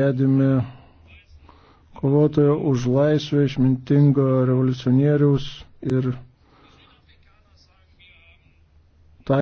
Gedime kovotojo už laisvę išmintingo revoliucionieriaus ir